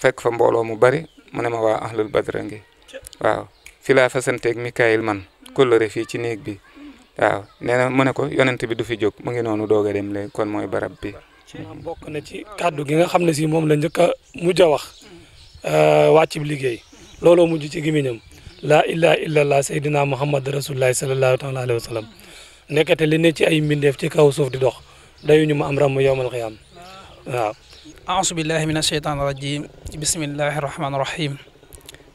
fekk fa mbooloo mu bari mu ne ma waa ahlul badra ngi waaw fi laa fasanteeg Mikaayil man kóllëre fii ci néeg bi waaw nee na mu ne ko yonent bi du fi jóg mu ngi noonu doog a dem léegi kon mooy barab bi. bokk na ci kàddu gi nga xam ne si moom la njëkk a mujj a wax euh, wàcc bi liggéey looloo mujj ci gémmiñam laa ilaaha illallah sayyidina muhammad rasulullahi sallallahu taala alayhi wa sallam nekkate li ne ci ay mbindeef ci kaw suuf di dox dayuñu ma am ràmm yowmal xiyaam waaw A'udzu billahi mina sheytaan rajim Bismillahirrahmanirrahim.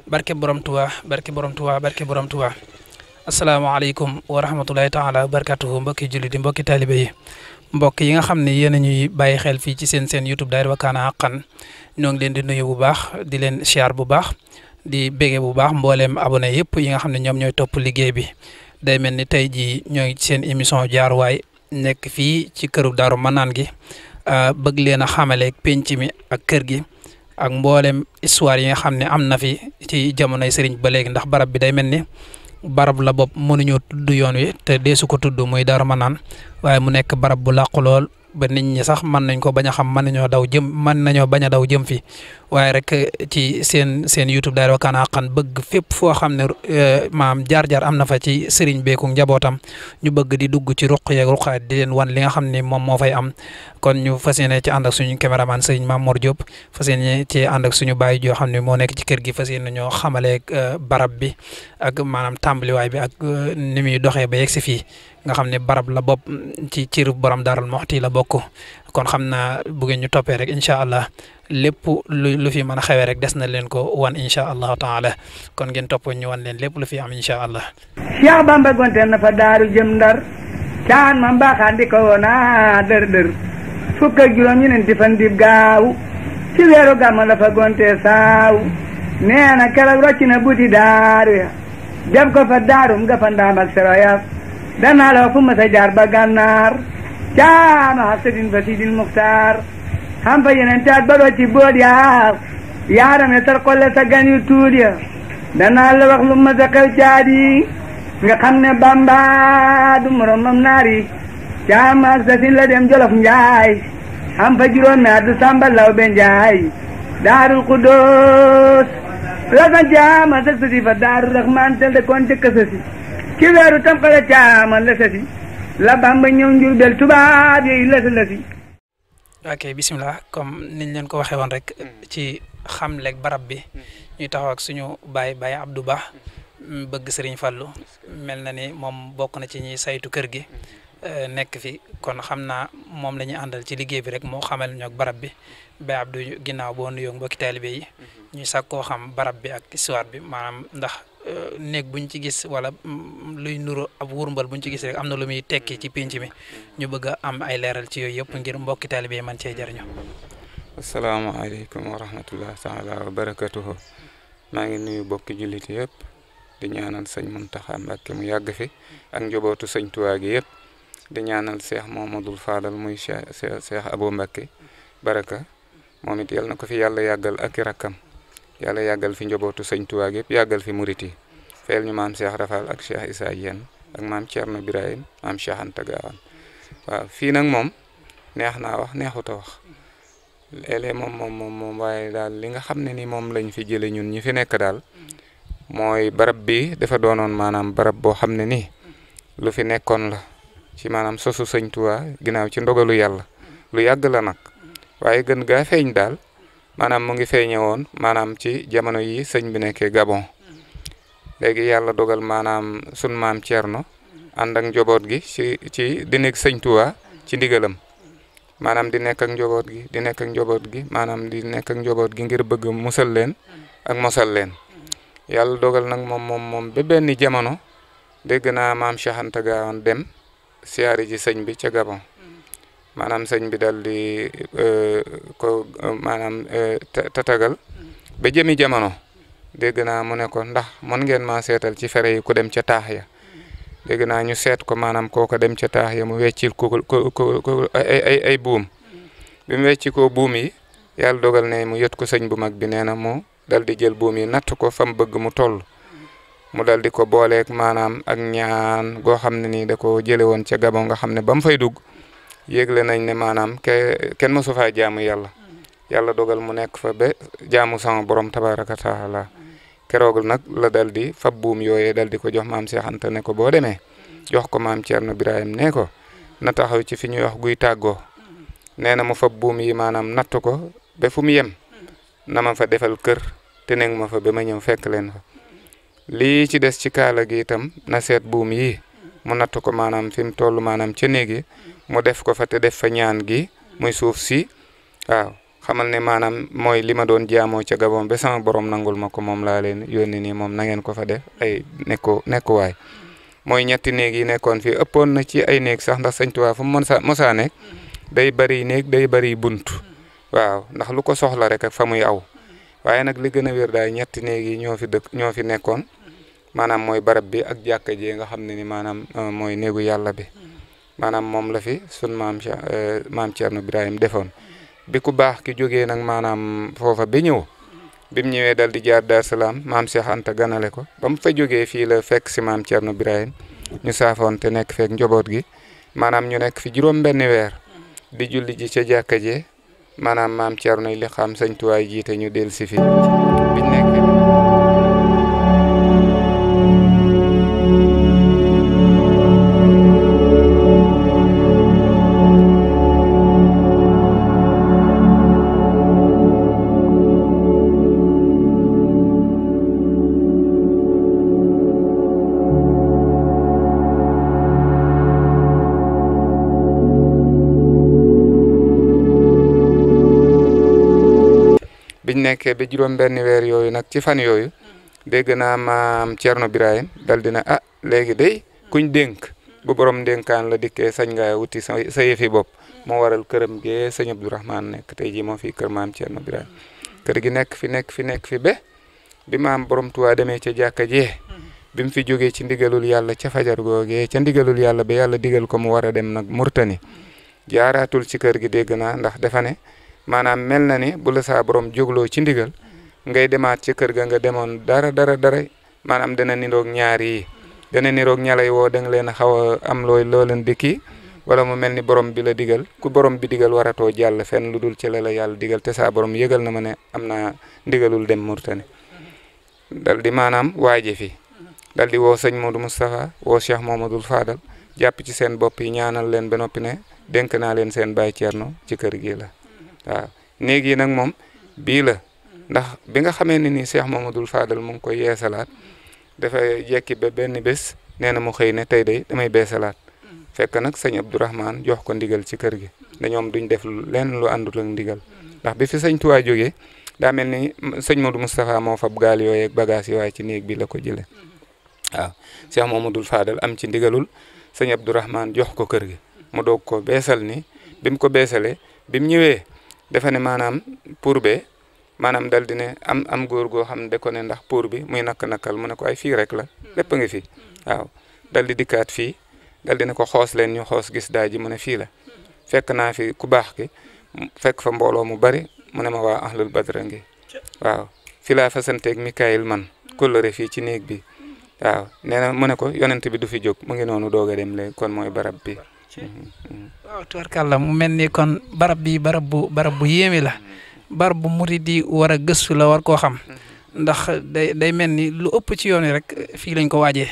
barke borom tuwa, barke borom tuwa, barke borom Tuubaa asalaamaaleykum wa rahmatulahi taala wa barkatuhu mbokki jullit yi mbokki taalibe yi mbokk yi nga xamni ne yéen a ñuy bàyyi xel fi ci seen seen YouTube Daahira Wakana Haqqan ñoo ngi leen di nuyu bu baax di leen share bu baax di bége bu baax mbolem abonné yépp yi nga xamni ñom ñoy top liggéey bi day melni tay ji ñoy ñoo seen émission way nek fi ci kërub daru manan gi Euh, bëgg leen a xamaleeg penc mi ak kër gi ak mboolem histoire yi nga xam ne am na fi ci jamonoy sëriñ ba léegi ndax barab bi day mel ni barab la bopp mënuñoo tudd yoon wi te deesu ko tudd muy Daaru Manaan waaye mu nekk barab bu làqu lool ba nit ñi sax mën nañ ko bañ a xam mën nañoo daw jëm mën nañoo bañ a daw jëm fi waaye rek eh, ci seen seen YouTube daal wa Kana Haqqan bëgg fépp foo xam ne eh, maam jaar-jaar am na fa ci sëriñ beeku njabootam ñu bëgg di dugg ci ruq yeeg ruqaat di wan li nga xam ne moom moo fay am kon ñu fas yéene ci ànd ak suñu caméraman sëriñ Maam Mor Diop fas yéene ci ànd suñu baay joo xam ne moo nekk ci kër gi fa yéene ñoo xamaleeg eh, barab bi ak maanaam tàmbaliwaay bi ak ni muy doxee ba si fii nga xamne barab la bop ci ciirub borom daral muhti la bokku kon xamna bu ngeen ñu topé rek incha allah lu fi mëna xewé rek des na leen ko wan incha taala kon ngeen topp ñu wan leen lepp lu fi am incha allah. Cheikh Bamba gonté na fa daru jëm dar taan ma mbaaxaan di ko woona der der fukk ak juróom ñeneenti fan dib gaaw ci weeru gàmm la fa gonté saaw neena kala keroog na buti daaru dem ya, ko fa daarum nga fa ndam ak sero ya dana lakum masajjar baganar kana hasidin fasidil muhtar ham bayanan ta baro ci bodiya yara ne ya tar kolle ta gani tudiya dana la wax lu ma jadi nga xamne bamba nari jamah zatin la dem jolof njaay ham fa juroom na du samba ben njaay darul qudus la sa jama darul rahman tel de kon ci weeru tam xale caaman la sasi la bamba ñëw del tubaab yooyu la lasi ok bismillah comme niñ leen ko waxee woon rek ci ham barab bi ñuy taxaw ak suñu baay baay Abdou Ba bëgg sëriñ fallu mel na ni moom bokk na ci ñi saytu kër gi eh, nekk fi kon xam naa moom la ñuy àndal ci liggéey bi rek moo xamal ñoog barab bi bay Abdou ginnaaw boo nuyoo mbokki taalibe yi ñu sàkkoo xam barab bi ak histoire bi maanaam ndax Euh, Nek buñ ci gis wala mm, luy nuru ab wurmbal buñ ci gis rek amna na tekki ci pinci mi ñu bëgg am ay leeral ci yoy yëpp ngir mbokki talibé man man jarñu assalamu alaykum wa rahmatullah taala wa barakatuh ma ngi nuyu bokki julit yëpp di ñaanal señ muntaha ak mu yagg fi ak njobotu señ tuwa gi yëpp di ñaanal cheikh Mohamadul fadal muy cheikh Abu baraka momit yalla nako fi yalla yagal ak rakam yàlla yàggal fi njobootu sëñ Tuubaa yàggal fi murit yi fayal ñu maam Cheikh Rafal ak Cheikh Issa Diène ak maam Thierno Birahim maam Cheikh Anta waaw fii nag moom neex naa wax neexuta wax léeg moom moom moom waaye daal li nga xam ne ni moom lañ fi jëlee ñun ñu fi nekk daal mooy barab bi dafa doonoon maanaam barab boo xam ne ni lu fi nekkoon la ci maanaam sosu sëñ Tuubaa ginnaaw ci ndogalu yàlla lu yàgg la nag waaye gën gaa feeñ daal. maanaam mu ngi feeñe woon maanaam ci jamono yi sëñ bi nekkee Gabon léegi yàlla dogal maanaam sun maam Thierno ànd ak njoboot gi ci ci di nekk sëñ Touba ci ndigalam maanaam di nekk ak njaboot gi di nekk ak njoboot gi maanaam di nekk ak njoboot gi ngir bëgg musal leen ak mosal leen yàlla dogal nag moom moom moom ba benn jamono dégg naa maam Cheikh Anta Gaawaan dem siyaari ji sëñ bi ca Gabon maanaam sëñ bi dal di euh, ko euh, tatagal ba jëmi jamono dégg naa mu ne ko ndax mën ngeen ma seetal ci fere yi ku dem ca taax ya dégg naa ñu seet ko maanaam ko ko dem ca taax ya mu weccil ko buum bi mu wecci ko buum yi yàlla dogal ne mu yët ko sëñ bu mag bi nee na mu dal di jël buum yi natt ko fa mu bëgg mu toll mu dal di ko booleeg maanaam ak ñaan goo xam ne nii da ko jële woon ca Gabon nga xam ne ba mu fay dugg yéegle nañ ne maanaam ke kenn mësu faa jaamu yàlla mm-hmm. yàlla dogal mu nekk fa ba jaamu sama borom tabaraka taala keroog nag la dal di fab buum yooyee dal di ko jox maam Cheikh Anta ne ko boo demee mm-hmm. jox ko maam Thierno Birahim ne ko mm-hmm. na taxaw ci fi ñuy wax guy tàggoo nee na mu fab buum yi maanaam nattu ko ba fu mu yem na ma fa defal kër te nekk ma fa ba ma ñëw fekk leen fa lii ci des ci kaala gi itam na seet buum yi mu natt ko maanaam fi mu toll maanaam ca néeg yi mu def ko fa te def fa ñaan gi muy suuf si waaw xamal ne maanaam mooy li ma doon jaamoo ca Gabon ba sama borom nangul ma ko moom laa leen yónni nii moom nangeen ko fa def ay nekko nekkuwaay mooy ñetti néeg yi nekkoon fi ëppoon na ci ay néeg sax ndax Sëñ Tuubaa fu mu mën sa mosaa nekk day bari néeg day bari bunt waaw ndax lu ko soxla rek ak fa muy aw waaye nag li gën a wér daal ñetti néeg yi ñoo fi dëkk ñoo fi nekkoon maanaam mooy barab bi ak jàkka jee nga xam ne ni maanaam euh, mooy néegu yàlla bi maanaam moom la fi sun maam eh, maam Thierno Birahim defoon bi ku baax ki jógee nag maanaam foofa bi ñëw bi mu ñëwee dal di jaar Dar Salaam maam Cheikh Anta ganale ko ba fa jógee fii la fekk si maam Thierno Birahim ñu saafoon te nekk feek njaboot gi maanaam ñu nekk fi juróom-benni weer di julli ji ca jàkka je maanaam maam Thierno li xam sëñ Tuwaay jiite ñu dellu si fi. nekkee be juróom-benn weer yooyu nag ci fan yooyu dégg naa maam Thierno Birahim dal dina ah léegi day kuñ dénk bu borom dénkaan la dikkee sañ nga wuti sa sa yëfi bopp moo waral këram gee sëñ Abdourahmane nekk tey jii moo fi kër maam Thierno Birahim kër gi nekk fi nekk fi nekk fi be bi maam borom Tuubaa demee ca jàkka jee bi mu fi jógee ci ndigalul yàlla ca fajar googee ca ndigalul yàlla ba yàlla digal ko mu war dem nag Murtani jaaraatul ci kër gi dégg naa ndax dafa manam mel nani ni bu la sa borom joglo ci ndigal ngay demat ci keur ga nga demone dara dara dara manam dana niroog ñaar yi dana niroog ñalay wo dang leen xawa am loy loo leen wala mu mel ni borom bi la digal ku borom bi digal warato jall fen lu ci la la yalla digal te sa borom yegal na mané amna ndigalul dem murtani dal di manam waaje fi dal di woo sëñ Modou mustafa wo Cheikh mamadou Fadal japp ci sen bop yi ñaanal leen be nopi ne denk na leen sen baay ci keur gi la negi néeg yi nag moom bii la ndax bi nga xamee ni Cheikh Mamadou Fadal mu ngi koy yeesalaat dafa jekki ba benn bés nee na mu xëy ne tey day damay beesalaat fekk nag sëñ Abdourahman jox ko ndigal ci kër gi ne ñoom duñ def lenn lu andul ak ndigal ndax bi fi sëñ Tuubaa jógee daa mel ni sëñ Modou Moustapha moo fab gaal yooyu ak bagage yi waaye ci néeg bi la ko jëlee waaw Cheikh Mamadou Fadal am ci ndigalul sëñ Abdourahman jox ko kër gi mu doog ko beesal ni bi mu ko beesalee bi mu dafa ne maanaam pour be maanaam dal di am am góor goo xam ne da ne ndax pour bi muy nakk-nakkal mu ne ko ay fii rek la lépp a ngi fi waaw dal dikkaat fii dal di ko xoos leen ñu xoos gis daay ji mu ne fii la fekk naa fi ku baax ki fekk fa mbooloo mu bari mu ne ma waa ahlul badra ngi waaw fi laa fasanteeg Mikaayil man kóllëre fii ci néeg bi waaw nee na mu ne ko yonent bi du fi jóg mu ngi noonu doog a dem léegi kon mooy barab bi Mhm, mhm. waaw tubarkàlla mu mel ni kon barab bi barab bu bu yéeme la mhm. barab bu murid yi war a gëstu la war koo xam ndax day day mel ni lu ëpp ci yoon yi rek eh, fii lañ ko waaje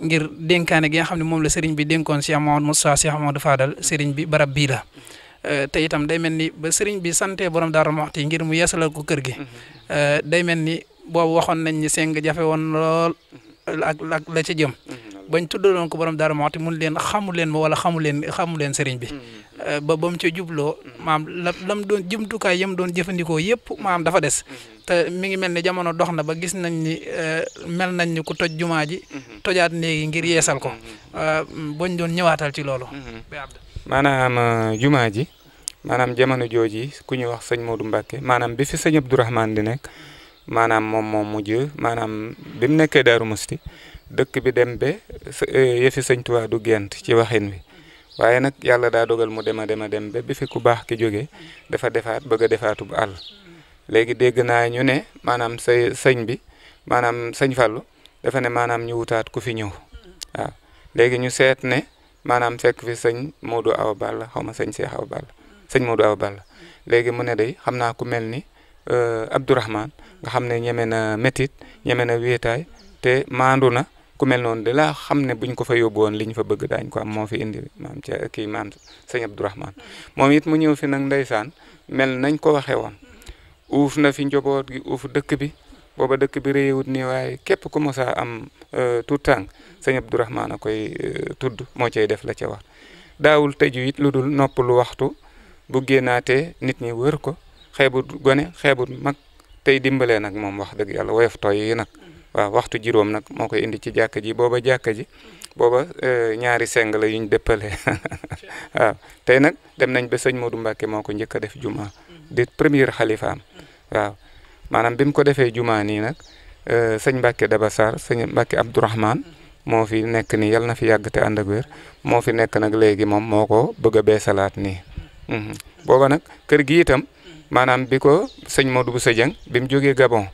ngir dénkaane gi nga xam ne moom la sëriñ bi dénkoon Cheikh Mamadou Moussa Cheikh Mamadou Fadal sëriñ bi barab bii la eh, te itam day mel ni ba sëriñ bi sante borom Daaru Muxti ngir mu yeesalal ko kër gi eh, day mel ni boobu waxoon nañ ni seng jafe woon lool la ca jëm bañ tuddaloon ko borom dara Mouhty mun leen xamul leen ma wala xamul leen xamul leen sëriñ bi mm-hmm. euh, ba ba mu ca jubloo mm-hmm. maam la lam doon jumtukaay yam doon jëfandikoo yep maam dafa des mm-hmm. te mi ngi mel ni jamono dox na ba gis nañ ni euh, mel nañ ni ku toj jumaa ji tojaat léegi ngir yeesal ko euh, bañ doon ñëwaatal ci loolu maanaam jumaa ji maanaam jamono jooji ku ñu wax sëñ Modou Mbacke maanaam bi fi sëñ Abdourahmane di nekk maanaam moom moom mujj maanaam bi mu nekkee Darou Mouhty dëkk bi dem ba eh, yëfi sëñ Tuubaa du gént ci waxin wi waaye nag yàlla daa dogal mu dem a dem a dem ba bi fi ku baax ki jóge dafa defaat bëgg a defaatu bu àll léegi dégg naa ñu ne maanaam sa sëñ bi maanaam sëñ Fallu dafa ne maanaam ñu wutaat ku fi ñëw waaw léegi ñu seet ne maanaam fekk fi sëñ Modou aw Balla xaw ma sëñ Cheikh Awa Balla sëñ Modou aw Balla léegi mu ne day xam naa ku mel ni eh, Abdourahman nga xam ne ñeme na métit ñeme na wéetaay te maandu na ku mel noonu di la xam ne buñ ko fa yóbbu woon li ñu fa bëgg dañ ko am moo fi indi maam ca kii maam sëñ Abdourahmane moom it mu ñëw fi nag ndeysaan mel nañ ko waxee woon uuf na fi njaboot gi uuf dëkk bi booba dëkk bi réewut nii waaye képp ku mos a am euh, tout tànk sëñ Abdourahmane a koy euh, tudd moo cay def la ca wax daawul tëju it lu dul nopp lu waxtu bu naate nit ñi wër ko xeebut gone xeebut mag tey dimbalee nag moom wax dëgg yàlla woyof tooy wa waxtu juróom nak moo koy indi ci jakk ji boba jakk ji boba e, ñaari seng la yuñ deppele wa tay nak dem nañ be seigne Modou Mbacke moko ko def juma di premier khalifa wa manam bim ko defé juma nak nak? seigne Mbacke dabassar seigne sëñ Mbacke Abdourahman mo fi nek ni yalna fi yàgg te ànd ak wér moo fi nek nak léegi mom moko ko bëgg a beesalaat nii mhm. boba nak kër gi itam manam biko seigne Modou bu sejeng bim joggé Gabon.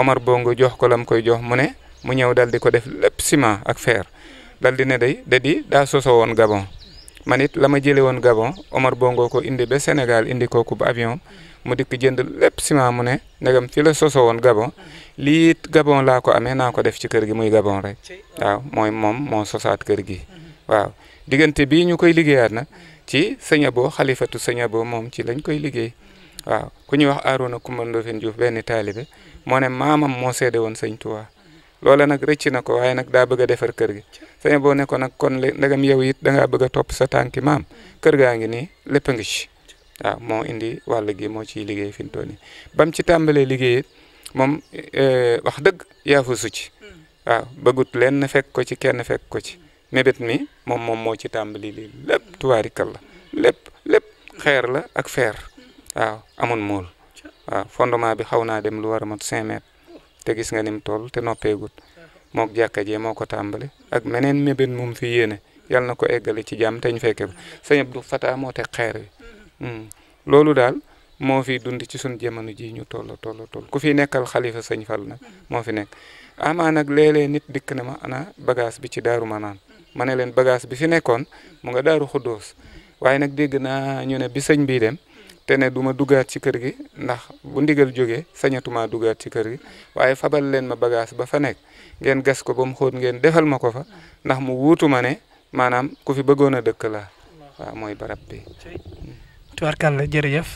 Omar Bongo jox ko lam koy jox muné mu ñew dal di ko def lepp ciment ak fer dal di ne day da di soso won Gabon Manit lama jëlé won Gabon Omar Bongo ko indi be Sénégal indi ko ko avion mu dik jënd lepp ciment muné ne fi la soso won Gabon li Gabon la ko amé na ko def ci kër gi muy Gabon rek waaw moy mom mo sosat kër gi waaw digënté bi ñu koy liggéeyat na ci seigne bo khalifatu seigne bo mom ci lañ koy liggéey waaw ku ñu wax Arouna kumandofen Diouf benn moo ne maamam moo seede woon sëñ Tuubaa loola nag rëcc na ko waaye nag daa bëgg a defar kër gi sëñ boo ne ko nag kon ndegam yow it da ngaa bëgg a topp sa tànki maam kër gaa ngi nii lépp a ngi ci waaw moo indi wàll gi moo ciy liggéey fi mu toll nii ba mu ci tàmbalee liggéey moom e, wax dëgg yaafusu ci waaw bëggut lenn fekk ko ci kenn fekk ko ci mébét mi moom moom moo ci tàmbali lii lépp tubaarikal la lépp lépp xeer la ak feer aw amul mool waaw ah, fondement bi xaw naa dem lu war a mat 5 te gis nga ni mu toll te noppeegut mook jàkka jee moo ko tàmbali ak meneen meben moom fi yéene yàlla na ko eggale ci jàmm te ñu fekke ko sëñ Abdou Fata moo teg xeer wi hmm. loolu daal moo fi dund ci suñ jamono ji ñu toll toll ku fi nekkal xalifa sëñ Fall nag moo fi nekk amaa nag léeg-léeg nit dikk na ma ana bagage bi ci daaru manaan ma ne leen bagage bi fi nekkoon mu nga daaru xuddoos waaye nag dégg naa ñu ne bi sëñ bi dem te ne du ma duggaat ci kër gi ndax bu ndigal jógee sañatuma duggaat ci kër gi waaye fabal leen ma bagage ba fa nekk ngeen gas ko ba mu xóot ngeen defal ma ko fa ndax mu wuutu ma ne maanaam ku fi bëggoon a dëkk laa waaw mooy barab bi. tubarkàlla jërëjëf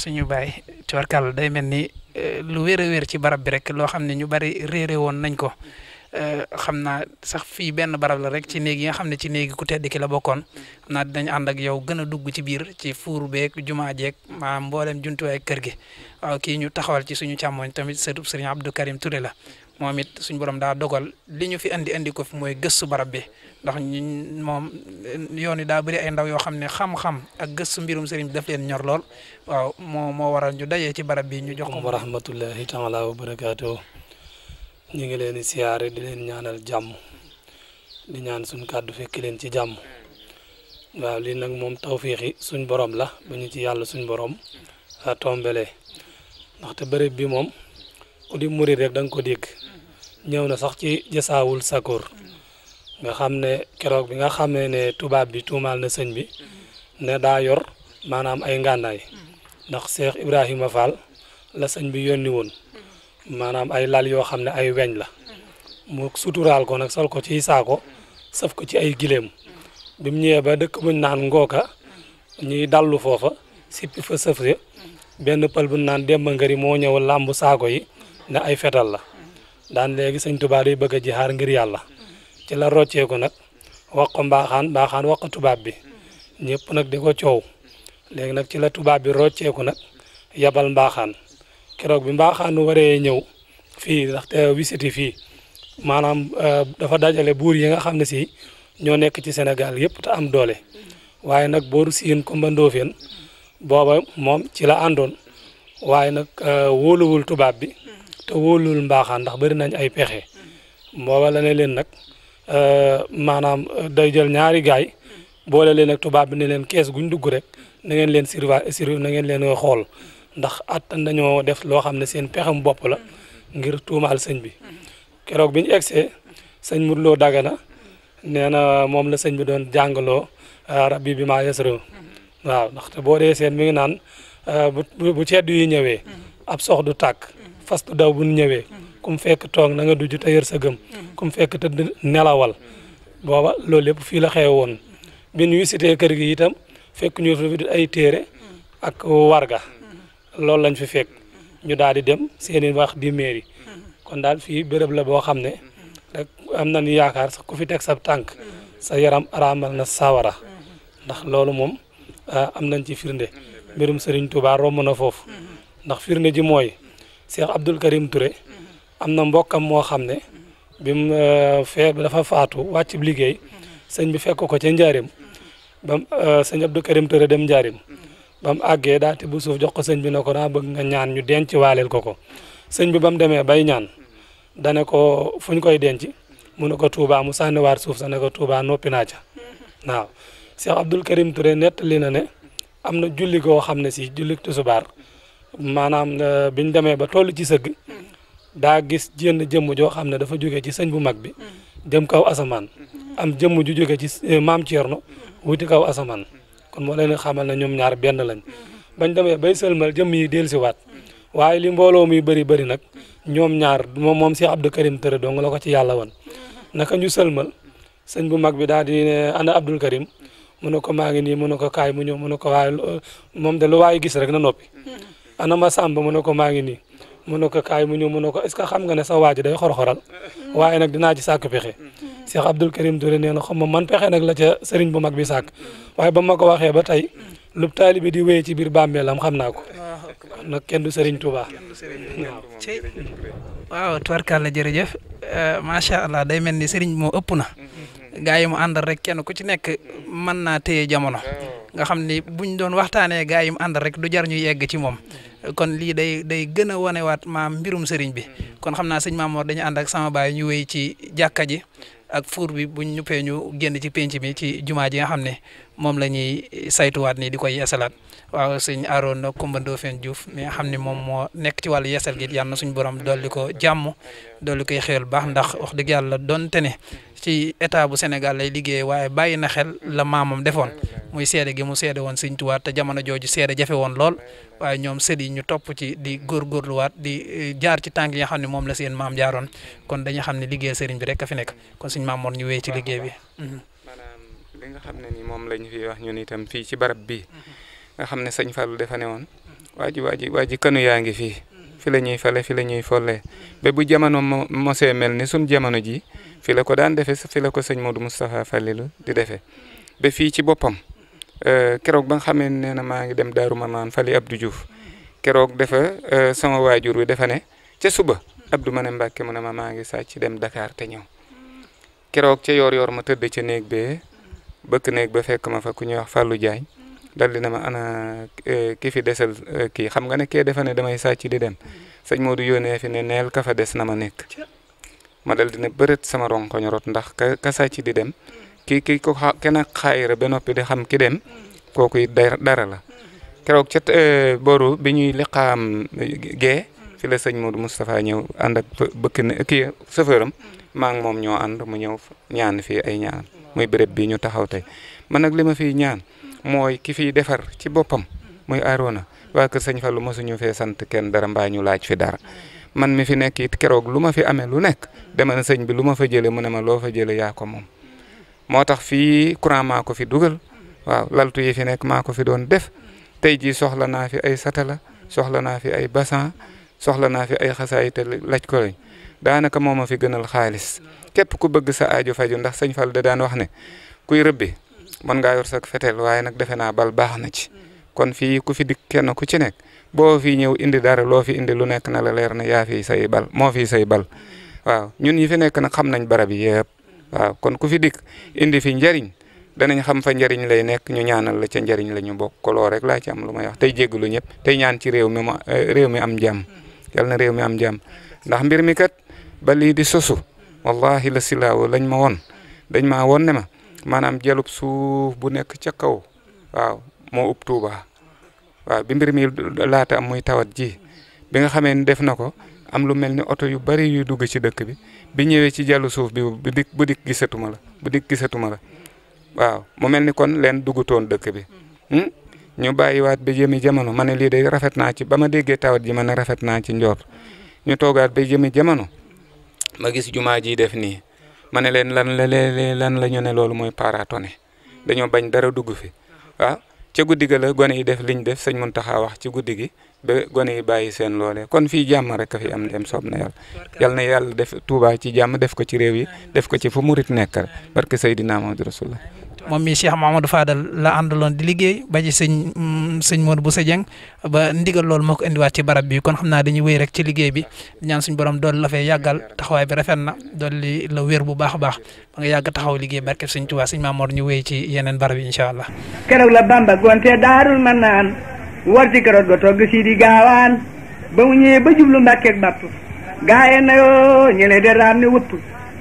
suñu baay tubarkàlla day mel ni eh, lu wér a wér ci barab bi rek loo xam ne ñu bari réere woon nañ ko. Euh, xam na sax fii benn barab la rek ci néeg yi nga xam ne ci néegi ku tedd ki la bokkoon xam naa dinañ ànd ak yow gën a dugg ci biir ci fuur beeg jumaa jeeg maanaam mboolem jumtuwaay kër gi waaw kii ñu taxawal ci suñu càmmoñ tamit sëtub sëriñ Abdou Karim Touré la moom it suñu borom daa dogal li ñu fi andi andi ko fi mooy gëstu barab bi ndax ñun moom eh, yoon yi daa bëri ay ndaw yoo xam ne xam-xam ak gëstu mbirum sëriñ bi daf leen ñor lool waaw moo moo waral ñu dajee ci barab bi ñu jox ko wa rahmatullahi taala ñu ngi leen di siyaare di leen ñaanal jàmm di ñaan suñ kàddu fekk leen ci jàmm waaw lii nag moom tawfiixi suñ boroom la ba ñu ci yàlla suñ borom ah, tombele ndaxte bërëb bi moom ku di murit rek da ko dégg ñëw na sax ci jasaawul sakoor nga xam ne keroog bi nga xam ne ne tubaab bi tuumaal na sëñ bi ne daa yor maanaam ay ngànnaay ndax Cheikh Ibrahima Fall la sëñ bi yónni woon maanaam ay lal yoo xam ne ay weñ la mu suturaal ko nag sol ko ci saako sëf ko ci ay giléem bi mu ñëwee ba dëkk buñ naan ngooka ñuy dallu foofa sippi fa sëf se benn pël buñ naan demba ngëri moo ñëw làmb saako yi ne ay fetal la daan léegi sëñ tubaab day bëgg a ji jihaar ngir yàlla ci la rocceeku nag wax ko mbaaxaan wax tubaab bi ñëpp nag di ko coow léegi nag ci la tubaab bi rocceeku nag yabal mbaaxaan keroog bi mbaaxaanu waree ñëw fii ndaxte wisiti fii maanaam euh, dafa dajale buur yi nga xam ne si ñoo nekk ci Sénégal yëpp te am doole waaye nag booru siin Kumba Ndoofeen booba moom ci la àndoon waaye nag euh, wóoluwul tubaab bi te wóoluwul mbaaxaan ndax bari nañ ay pexe booba la ne leen nag euh, maanaam day jël ñaari gaay boole leen ak tubaab bi ne leen kees guñ dugg rek na ngeen leen sirva sir na ngeen leen xool ndax àttan nañoo def loo xam ne seen pexam bopp la ngir tuumaal sëñ bi keroog bi ñu sëñ Modou Lo Dagana nee na moom la sëñ bi doon jàngaloo ah, rabbi bi ma maa yasro waaw ndaxte boo dee seen mi ngi naan ah, bu bu ceddu yi ñëwee ab sox du tàkk fas du daw bu ñëwee kum fekk toog na nga duju te yër sa kum fekk te nelawal booba loolu lépp fii la xew woon bi ñu wisitee kër gi itam fekk ñu fi ay téere ak warga loolu lañ fi fekk ñu daal di dem seeni wax di mairie kon daal fii béréb la boo xam ne rek am nañu yaakaar sax ku fi teg sa tànk sa yaram araamal na sawara ndax loolu moom ah, am nañ ci firnde mbirum Serigne Touba romb na foofu ndax fiir firnde ji mooy Cheikh Abdoul Karim Touré am na mbokkam moo xam ne bi mu eh, feer bi dafa faatu wàcc liggéey sëñ bi fekk ko ci njaarim ba eh, sëñ Abdou Karim Touré dem njaarim ba mu àggee daa tibb suuf jox ko sëñ bi ne ko daa bëgg nga ñaan ñu denc waaleel ko ko sëñ bi ba mu demee bay ñaan dane ko fuñ koy denc mu ne ko Touba mu sànniwaat suuf sa ne ko Touba noppi naa ca waaw Cheikh Abdoul Karim Touré nettali na ne am na julli goo xam ne si julli tusubaar maanaam euh, biñ demee ba toll ci sëgg daa gis jenn jëmm joo xam ne dafa jóge ci sëñ bu mag bi jëm mm. kaw asamaan am jëmm ju jóge ci euh, maam Thierno mm. wuti kaw asamaan. kon mo leen xamal na ñoom ñaar benn lañ bañ demee bay selmal jëm yi dellusiwaat waaye li mbooloo muy bëri bëri nag ñoom ñaar moom moom Cheikh Abdou Karim Touré dong la ko ci yàlla won naka ñu selmal sëñ bu mag bi daal di ana Abdou Karim mu ne ko maa ngi nii mu ne ko kaay mu ñëw mu ko waaye moom de lu waaye gis rek na noppi ana ma Samba mu ne ko maa ngi nii mu ne ko kaay mu ñëw mu ne ko est ce que xam nga ne sa day xor-xoral waaye nag dinaa ci sàkk pexe Cheikh Abdul Karim Touré nee na ma man pexe nag la ca sëriñ bu mag bi sàkk waaye ba ma ko waxee ba tey lu taalibe di wéyee ci biir bàmmeelam xam naa ko kon nag kenn du sëriñ Touba waaw tubarkàlla jërëjëf euh, macha allah day mel ni sëriñ moo ëpp na gaa yi mu àndal rek kenn ku ci nekk man na téye jamono nga xam ni buñ doon waxtaanee gaa yi mu rek du jar ñu yegg ci moom kon lii day day gën a wanewaat maam mbirum sëriñ bi kon xam naa sëñ Maam Mor dañu ànd sama ak fuur bi bu ñu pee ñu génn ci penc mi ci jumaa ji nga xam ne moom la ñuy saytuwaat nii di koy yeesalaat waaw sëñ Aroona Coumba Ndoffène Diouf mi nga xam ne moom moo nekk ci wàllu yeesal gi yàlla na suñu borom dolli ko jàmm dolli koy xéwal baax ndax wax dëgg yàlla donte ne ci état bu Sénégal lay liggéey waaye bàyyi na xel la maamam defoon muy seede gi mu seede woon Sëñ waat te jamono jooju seede jafe woon lool waaye ñoom sët ñu topp ci di góorgóorluwaat di eh, jaar ci tànk yi nga xam ne moom la seen maam jaaroon kon dañu xam ne liggéey sëriñ bi rek a fi nekk kon suñ maam moon ñu wéy ci liggéey bi. Mm-hmm. maanaam li nga xam ne ni moom lañ fi wax ñun itam fii ci barab bi nga xam ne sëñ Fallou dafa ne woon mm-hmm. waa ji kanu yaa ngi fii fi la ñuy fale fi la ñuy follee ba bu jamono mo mosee mel ni suñ jamono ji fi la ko daan defee fi la ko sëñ Modou Moustapha Falilou di defee ba fii ci boppam euh, keroog ba nga xamee nee na maa ngi dem Daaru Manaan fali Abdou Diouf keroog defa euh, sama waajur wi dafa ne ca suba Abdou ma ne Mbàkke mu ne ma maa ngi sàcc dem dakaar te ñëw keroog ca yoor yoor ma tëdd ca néeg bee bëkk néeg ba fekk ma fa ku ñuy wax Fallou Diagne dal dina ma ana eh, ki fi dessel eh, ki xam nga ne ke defane damay sàcc di dem seigne Modou yone fi ne neel ka fa dess na ma nek ma dal dina sama sama ronkoñ rot ndax ka sa sàcc di dem ki ki ko ken xaayira be nopi di xam ki dem koku dara la keroog ci eh, boru bi ñuy liqaam ge fi le seigne Modou mustapha ñew and ak bëkk ne ki chauffeuram ma ak mom ñoo and mu ñew ñaan fi ay ñaan muy bi ñu taxaw tay man lima fi ñaan mooy ki fiy defar ci boppam muy Arona waa kër sëñ Fallou mosuñu fe sant kenn dara mbaa ñu laaj fi dara man mi fi nekk it keroog lu ma fi amee lu nekk dema na sëñ bi lu ma fa jëlee mu ne ma loo fa jëlee yaako ko moom moo tax fii courant maa fi dugal waaw laltu yi fi nekk maa ko fi doon def tey jii soxla naa fi ay satala soxla naa fi ay bassan soxla naa fi ay xasaay te laj ko lañ daanaka moo ma fi gënal xaalis képp ku bëgg sa aajo faju ndax sëñ Fall da daan wax ne kuy rëbbi mën ngaa yor sak fetel waaye nag defe naa bal baax na ci kon fii ku fi dikk kenn ku ci nekk boo fi ñëw indi dara loo fi indi lu nekk na la leer na yaa fi say bal moo fi say bal waaw ñun ñi fi nekk nag xam nañ barab yi waaw kon ku fi dikk indi fi njariñ danañ xam fa njariñ lay nekk ñu ñaanal la ca njariñ la ñu bokk ko loo rek laa ci am lu may wax tey jéggalu ñëpp tey ñaan ci réew mi ma eh, réew mi am jàmm yal na réew mi am jàmm ndax mbir mi kat ba di sosu wallahi la silaawo dañ ma won ne ma maanaam jëlub suuf bu nekk ca kaw waaw moo ub Touba waaw bi mbir mi laata am muy tawat ji bi nga xamee ni def na ko am lu mel ni oto yu bari yuy dugg ci dëkk bi bi ñëwee ci jàllu suuf bi bu dik bu dik gisatuma la bu dik gisatuma waaw mu mel ni kon leen duggutoon dëkk bi hmm? ñu bàyyiwaat ba jëmmi jamono ma ne lii de rafet naa ci ba ma déggee tawat ji ma ne rafet naa ci njoot ñu toogaat ba jëmmi jamono ma gis jumaa ji def nii ma ne leen lan la lan la ñu ne loolu mooy paratonné dañoo bañ dara dugg fi waaw ah, ca guddi ga la gone yi def liñ def sëñ taxa wax ci guddi gi ba gone yi bàyyi seen loole kon fii jàmm rek a fi am dem soob na yàlla yal na yàlla def Tuubaa ci jàmm def ko ci réew yi def ko ci fu murit nekk rek barke Seydina Muhammadu Rasulullah mom mi Cheikh Mamadou Fadal la andalon di liggéey ba ci seigne mm, seigne Modou bou Dieng ba ndigal lol mako ko wat ci barab bi kon xamna dañuy wey rek ci liggéey bi ñaan suñ borom dool la fay yagal taxaway bi rafet na dolli la wër bu baax baax ba nga yag taxaw liggéey barke seigne touba seigne mamadou ñu wey ci yenen barab yi incha allah. la Bamba gonté darul manan war ci kérok go togg ci di gawan ba mu ñewé ba jublu mbacké ak bàpp gaaye na yo ñene de raam ne wëpp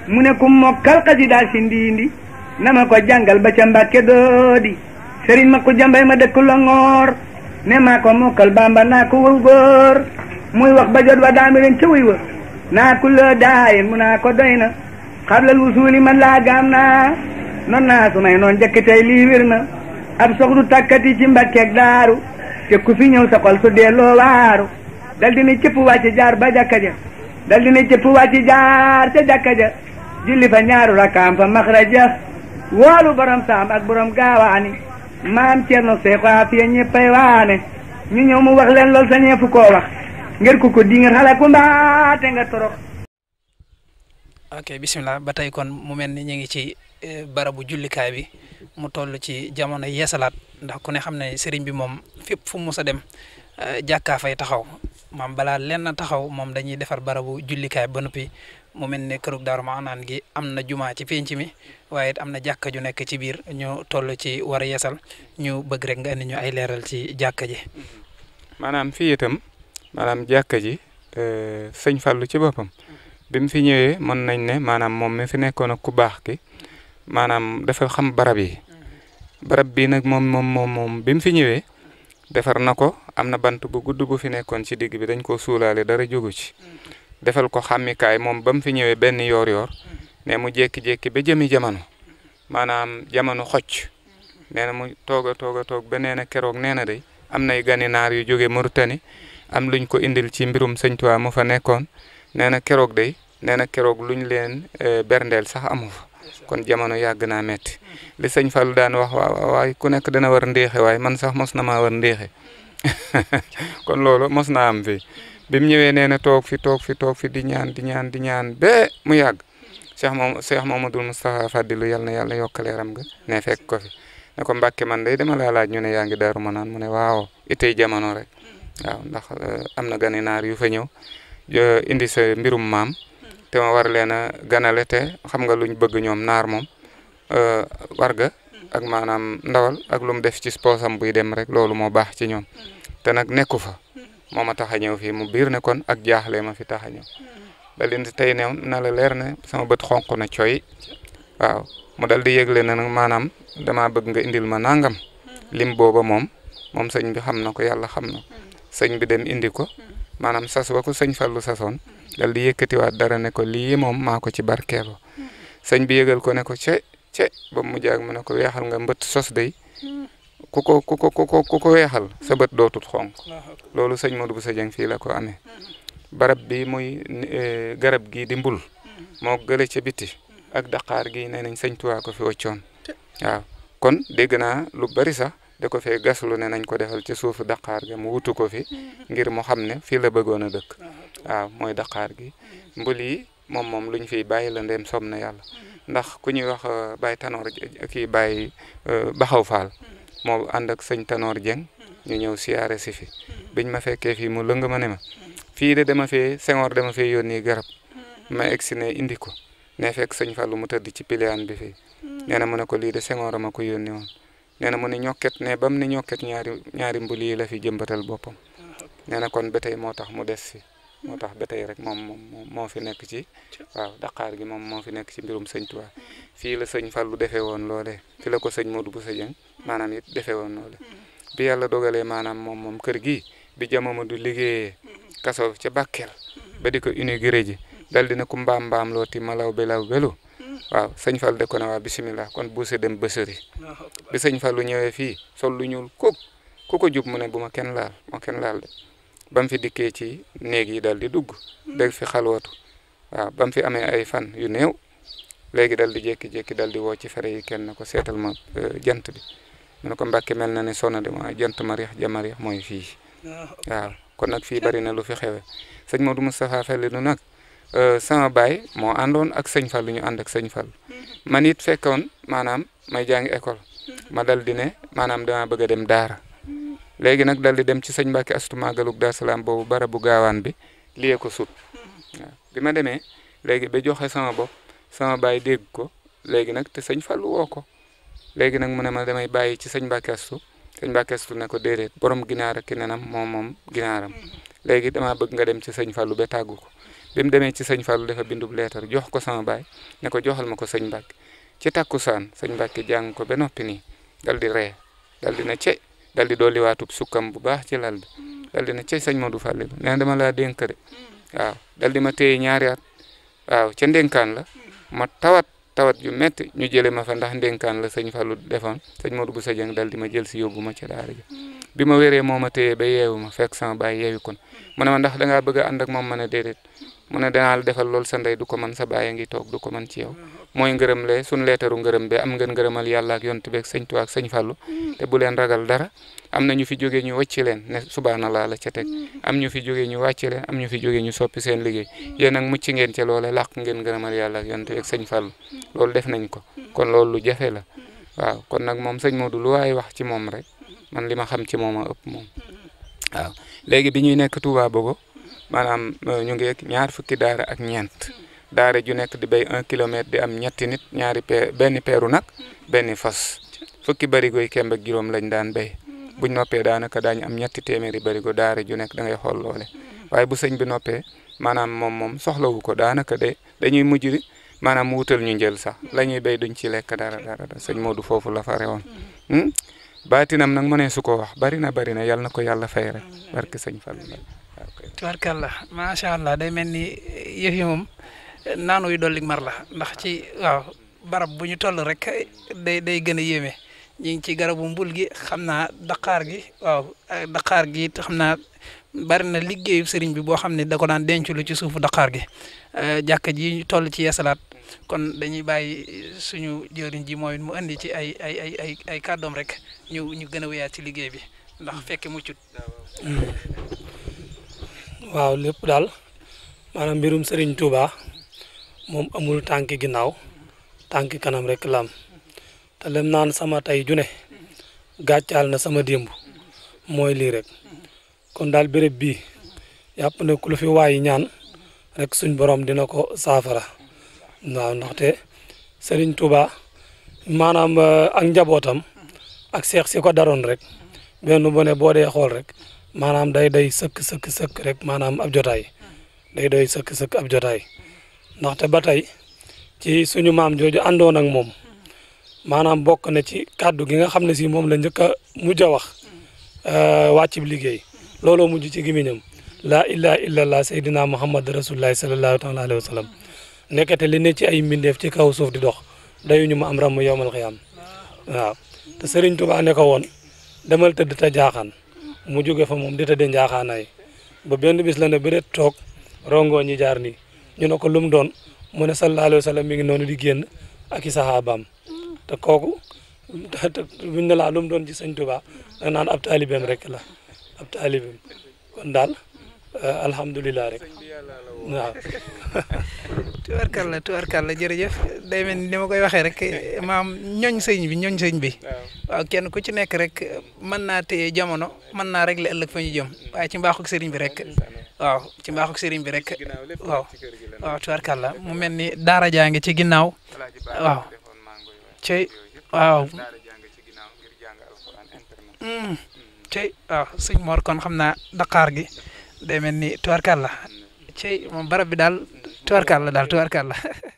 mu ne ku mokkal dal ci ndi ndi na ma ko jàngal ba ca mbàkke doodi sëriñ ma ko jambay ma dëkk longoor ne maa ko mokkal bamba naa ko wëw góor muy wax ba jot wa daami ren ca wëy wa naa ku la daaye mu naa ko doy na xablal wusuuli man laa gaam naa non naa su may noon jëkk tey lii wér na ab soxdu tàkkati ci mbàkkeeg daaru te ku fi ñëw sa xol su delloo waaru dal di ne cëpp wàcc jaar ba jàkka ja dal di ne cëpp wàcc jaar ca jàkka ja julli fa ñaaru rakaam fa maxraja woolu borom saam ak borom gaawaani maam Thierno Seexu Afiya ñëppay waane ñu ñëw mu wax leen lool sa ñeefu wax ngir ku ko di nga ku mbaate nga torox. ok bisimilah ba tey kon mu mel ni ñu ngi ci eh, barabu jullikaay bi mu toll ci jamono yesalaat ndax ku ne xam ne sëriñ bi moom fépp fu mu dem eh, jàkkaa fay taxaw maam balaa lenn taxaw moom dañuy defar barabu jullikaay ba noppi mu mel ne kërug Daaru Manaan gi am na jumaa ci pénc mi waaye am na jàkka ju nekk ci biir ñu toll ci war yesal ñu bëgg rek nga indi ñu ay leeral ci jàkka ji. maanaam fii itam maanaam jàkka ji euh, sëñ Fallou ci boppam bi mu fi ñëwee mën nañ ne maanaam moom mi fi nekkoon ak ku baax ki maanaam dafa xam barab yi barab bii nag moom moom moom moom fi ñëwee. defar na ko am na bant bu gudd bu fi nekkoon ci digg bi dañ koo suulaale dara jógu ci defal ko xàmmikaay moom ba mu fi ñëwee benn yoor-yoor ne mu jékki-jékki ba jëmi jamono maanaam jamono xocc nee mu toog a toog a toog ba nee na keroog nee na day am nay gani naar yu jóge Mauritanie am luñ ko indil ci mbirum sëñ wa mu fa nekkoon nee na keroog day nee na keroog luñ leen eh, berndel sax amu fa kon jamono yàgg naa metti li sëñ Fallu daan wax waaw waaye ku nekk dana war ndéexe waaye man sax mos na ma war ndéexe kon loolu mos naa am fii bi mu ñëwee nee na toog fi toog fi toog fi di ñaan di ñaan di ñaan ba mu yàgg Cheikh moom Cheikh Mamadou Moustapha Fadilu yàlla na yàlla yokk leeram nga ne fekk ko fi ne ko Mbàkke man day dama laa laaj ñu ne yaa ngi ma naan mu ne waaw itay jamono rek waaw ndax eh, am na gani naar yu fa ñëw indi sa mbirum maam te ma war leen a ganale te xam nga luñ bëgg ñoom naar moom eh, warga ak maanaam ndawal ak lu mu def ci poosam buy dem rek loolu moo baax ci ñoom te nag nekku fa. moo ma tax a ñëw fii mu biir ne kon ak jaaxle ma fi tax a ñëw dal di tey ne na leer ne sama bët xonq na cooy waaw mu dal di yëgle ne nag maanaam damaa bëgg nga indil ma nangam lim booba moom moom sëñ bi xam na ko yàlla xam na sëñ bi dem indi ko maanaam sas wa sëñ Fallu sasoon dal di yëkkatiwaat dara ne ko lii moom maa ko ci barkeelu sëñ bi yëgal ko ne ko ce ce ba mu jaag mu ne ko weexal nga mbët sos day ku ko ku ko ku ku ko weexal sa bët dootut xonq loolu sëñ Modou Bousso Dieng fii la ko amee barab bi muy eh, garab gii di mbul moo gële ci biti ak daqaar gi nee nañ sëñ ko fi waccoon waaw kon dégg naa lu bari sax da ko fee gaslu ne nañ ko defal ci suufu daqaar ga mu wutu ko fi ngir mu xam ne fii la bëggoon a dëkk waaw mooy daqaar gi mbul yi moom moom lu ñu fiy bàyyi la ndeem sob na yàlla ndax ku ñuy wax eh, Baye Tanor kii Baye eh, Baxaw fal moo ànd ak sëñ tanoor Dieng ñu ñëw siyaare si fi biñ ma fekkee fii mu lëng ma ne ma fii de dama fee Senghor dama fee yónni garab ma egg si ne indi ko ne fekk sëñ Fallou mu tëdd ci piliyaan bi fi hmm. nee na mu ne ko lii de Senghor ma ko yónni woon nee na mu ne ñokket ne ba mu ne ñokket ñaari ñaari mbul yi la fi jëmbatal boppam hmm. nee kon ba tey moo tax mu des fi motax tax rek mom mo fi nek ci waaw dakar gi mom mo fi nek ci mbirum seigne touba fi la seigne Fallu defee woon loole fi la ko seigne Modou bu Dieng manam it defee woon loole bi yalla dogalé manam mom mom kër gi bi jamama du liggéeyee kasso ci bakkel ba diko inauguré ji dal dina ku mbam mbam lo ti malaw belaw belu waaw seigne fallu de ko na wa bismillah kon buuse dem beuseuri bi seigne Fallu ñëwé fi sol lu ñuul kok kuko jup mu ne buma ma laal mo ken laal ba fi dikkee ci néeg yi dal di dugg dégg fi xalwatu waaw ba fi amee ay fan yu néew léegi dal di jékki-jékki dal di woo ci fere yi kenn ko seetal ma euh, jant bi mu ne ko mbàkke mel na ne sona de ma jant ma riix jama riix mooy fii ah. waaw kon nag fii bari na lu fi xewe sëñ Modou Moustapha Fallou nu nag euh, sama baay moo àndoon ak sëñ Fall ñu ànd ak sëñ mm-hmm. man it fekkoon maanaam may jàngi école mm-hmm. ma dal di ne maanaam dama bëgg a dem daara léegi nag dal di dem ci sëñ Mbacke astu Magalug Dar Salaam boobu bu gaawaan bi liyee ko sut waaw bi ma demee léegi ba joxe sama bopp sama baay dégg ko léegi nag te sëñ Fallou nag mu ne ma damay bàyyi ci sañ Mbacke astu sëñ Mbacke ko déedéet borom ginaar ak ki nenam moom moom ginaaram léegi damaa bëgg nga dem ci sëñ Fallou ba tàggu ko bi mu demee ci sëñ Fallou dafa bindub leetar jox ko sama baay ne ko joxal ma ko sëñ Mbacke ci takkusaan sëñ Mbacke jàng ko ba noppi nii dal di ree dal di dal di doli watu sukkam bu baax ci lal bi dal di na ci sëñ Modou Fallilou nee dama la denk de waaw dal di ma téye ñaari at waaw ci denkan la ma tawat tawat ju metti ñu jele ma fa ndax denkan la sëñ fallu defon sëñ Modou Bousso Dieng dal di ma jël si yóbbu ma ca daara ja bi ma moma moo ma ba yeewu ma fekk sama bay yeewi kon mu ne ma ndax nga bëgg a ak mom mané ne déedéet mu la defal lol sa ndey du ko man sa bay nga tok du ko man ci yow mooy ngërëm lee suñ leetaru ngërëm be am ngeen ngërëmal yàlla ak yonent bi ak sëñ Tuubaa ak sëñ Fallu mm. te bu leen ragal dara am na ñu fi jógee ñu wàcc leen ne subhanallah la ca teg mm. am ñu fi jógee ñu wàcc leen am ñu fi jógee ñu soppi seen liggéey mm. yéen nag mucc ngeen cee loole làq ngeen ngërëmal yàlla ak yonent bi ak sëñ Fallu loolu def nañ ko kon loolu lu jafe la waaw kon nag moom sëñ du lu waaye wax ci moom rek man li ma xam ci moom ëpp moom waaw léegi bi ñuy nekk Touba Bogo maanaam euh, ñu ngi ñaar fukki daara ak ñeent daare ju nekk di béy un kilomètre di am ñetti nit ñaari pe benn peeru nag benn fas fukki barigo yi kemb juróom lañ daan béy buñ noppee daanaka daañu am ñetti téeméeri barigo daare ju nekk da ngay xool loole waaye bu sëñ bi noppee maanaam moom moom soxlawu ko daanaka de dañuy mujj maanaam wutal ñu njël sax la ñuy béy duñ ci lekk dara dara sëñ moodu foofu la fa rewoon hmm? baatinam nag mënee su ko wax bari na bari na yàlla na ko yàlla fay rek barke sëñ Fall. tubarkalla allah day mel ni yëf yi naanuy dolli mar la ndax ci barab bu ñu toll rek day day gën a yéeme ñu ngi ci garabu mbul gi xam naa daqaar gi daqaar gi it xam naa bari na liggéeyu sëriñ bi boo xam ne da ko daan ci suufu daqaar gi euh, jàkka ji ñu toll ci yeesalaat kon dañuy bàyyi suñu jëriñ ji mooy mu indi ci ay ay ay ay kàddoom rek ñu ñu gën a wéyaat ci liggéey bi ndax fekk muccut hmm. waaw lépp daal maanaam mbirum sëriñ Touba. moom amul tànki ginnaaw tànki kanam rek la te lem naan sama tey june gàccaal na sama démb mooy lii rek kon daal béréb bii yàpp ne ku la fi waay ñaan rek suñ boroom dina ko saafara waaw ndaxte Serigne Touba maanaam euh, ak njabootam ak seex si ko daroon rek benn bu ne boo dee xool rek maanaam day day sëkk sëkk sëkk rek maanaam ab jotaay day day sëkk sëkk ab jotaay. ndaxte ba tey ci suñu maam jooju àndoon ak moom maanaam bokk na ci kàddu gi nga xam ne si moom la njëkk a mujj a wax euh, wàccib liggéey looloo mujj ci gémmiñam laa ilaha illallah sayyidina muhammad rasulullahi sallallahu taala alayhi wa sallam nekkate li ne ci ay mbindeef ci kaw suuf di dox dayuñu ma am ramm yowmal xiyaam waaw te sëriñ Tuubaa ne ko woon demal tëdd te jaaxaan mu jóge fa moom di tëdde njaaxaanaay ba benn bis la ne bëreet toog rongoo ñi jaar nii ñu ne ko lu mu doon mu ne sallallahu alayhi mi ngi noonu di génn ak i saxaabaam te kooku buñ ne laa doon ci sëñ Tuubaa da naan ab rek la ab taalibeem kon daal alhamdulilah rek. waaw. tubarkal jërëjëf day mel ni li ma koy waxee rek maam ñooñ sëñ bi ñooñ sëñ bi. waaw kenn ku ci nekk rek mën naa téye jamono mën naa régler ëllëg fa ñu jëm waaye ci mbaaxuk sëriñ bi rek. waaw ci mbaaxuk sëriñ bi rek waaw mu mel ni daara jaa ngi ci ginnaaw waaw cey waaw. tey mm. waaw kon xam naa Dakar gi day mel ni tubarkal cey moom barab bi daal la daal tubarkalla